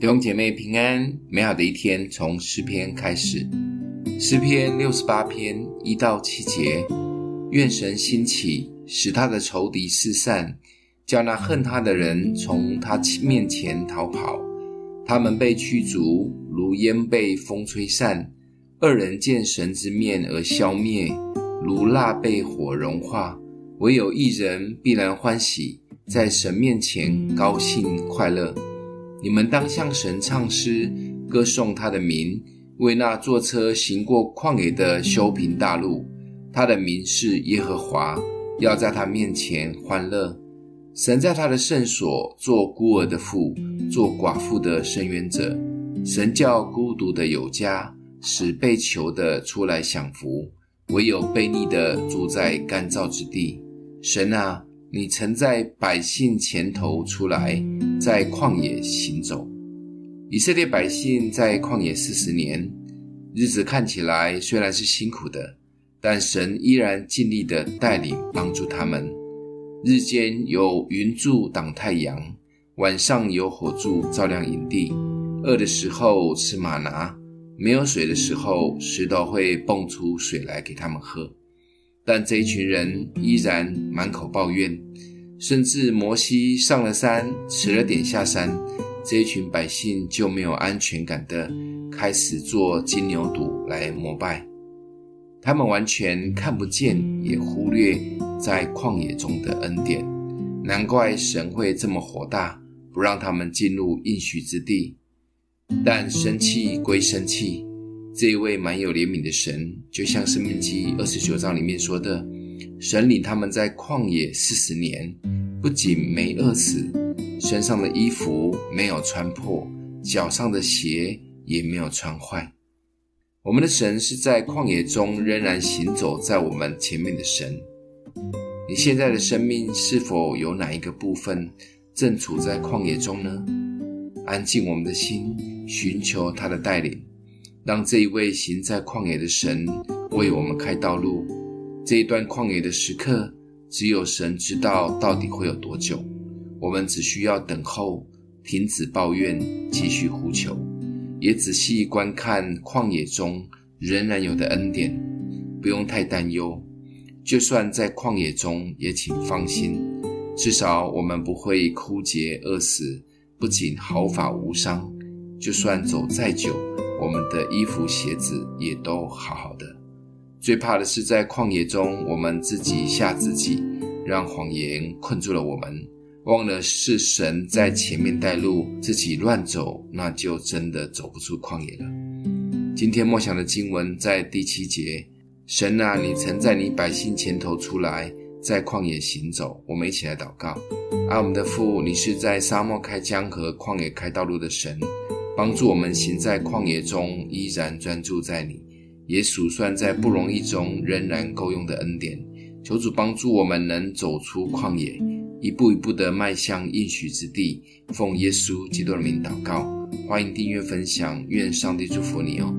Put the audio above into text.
弟兄姐妹平安，美好的一天從詩篇開始。詩篇六十八篇一到七節，願神興起，使他的仇敵四散，叫那恨他的人從他面前逃跑。他們被驅逐，如煙被風吹散；惡人見神之面而消滅，如蠟被火融化。唯有義人必然歡喜，在神面前高興快樂。你們當向神唱詩，歌頌他的名，為那坐車行過曠野的修平大路。他的名是耶和華，要在他面前歡樂。神在他的聖所做孤兒的父，做寡婦的伸冤者。神叫孤獨的有家，使被囚的出來享福，唯有悖逆的住在乾燥之地。神啊！你曾在百姓前頭出來，在曠野行走。以色列百姓在曠野四十年，日子看起來雖然是辛苦的，但神依然盡力的帶領幫助他們。日間有雲柱擋太陽，晚上有火柱照亮營地。餓的時候吃嗎哪，沒有水的時候，石頭會迸出水來給他們喝。但這一群人依然滿口抱怨，甚至摩西上了山遲了點下山，這一群百姓就沒有安全感的開始做金牛犢來膜拜，他們完全看不見也忽略在曠野中的恩典，難怪神會這麼火大，不讓他們進入應許之地。但生氣歸生氣。這一位滿有憐憫的神，就像申命記二十九章裡面說的，神領他們在曠野四十年，不僅沒餓死，身上的衣服沒有穿破，腳上的鞋也沒有穿壞。我們的神是在曠野中仍然行走在我們前面的神。你現在的生命是否有哪一個部分正處在曠野中呢？安靜我們的心，尋求他的帶領。讓這一位行在曠野的神為我們開道路。這一段曠野的時刻，只有神知道到底會有多久。我們只需要等候，停止抱怨，繼續呼求，也仔細觀看曠野中仍然有的恩典。不用太擔憂，就算在曠野中，也請放心。至少我們不會枯竭餓死，不僅毫髮無傷，就算走再久。我們的衣服、鞋子也都好好的。最怕的是在曠野中，我們自己嚇自己，讓謊言困住了我們，忘了是神在前面帶路，自己亂走，那就真的走不出曠野了。今天默想的經文在第七節：“神啊，你曾在你百姓前頭出來，在曠野行走。”我們一起來禱告：啊，我們的父，你是在沙漠開江河、曠野開道路的神。幫助我們行在曠野中，依然專注在你，也數算在不容易中仍然夠用的恩典。求主幫助我們能走出曠野，一步一步地邁向應許之地。奉耶穌基督的名禱告。歡迎訂閱分享，願上帝祝福你哦。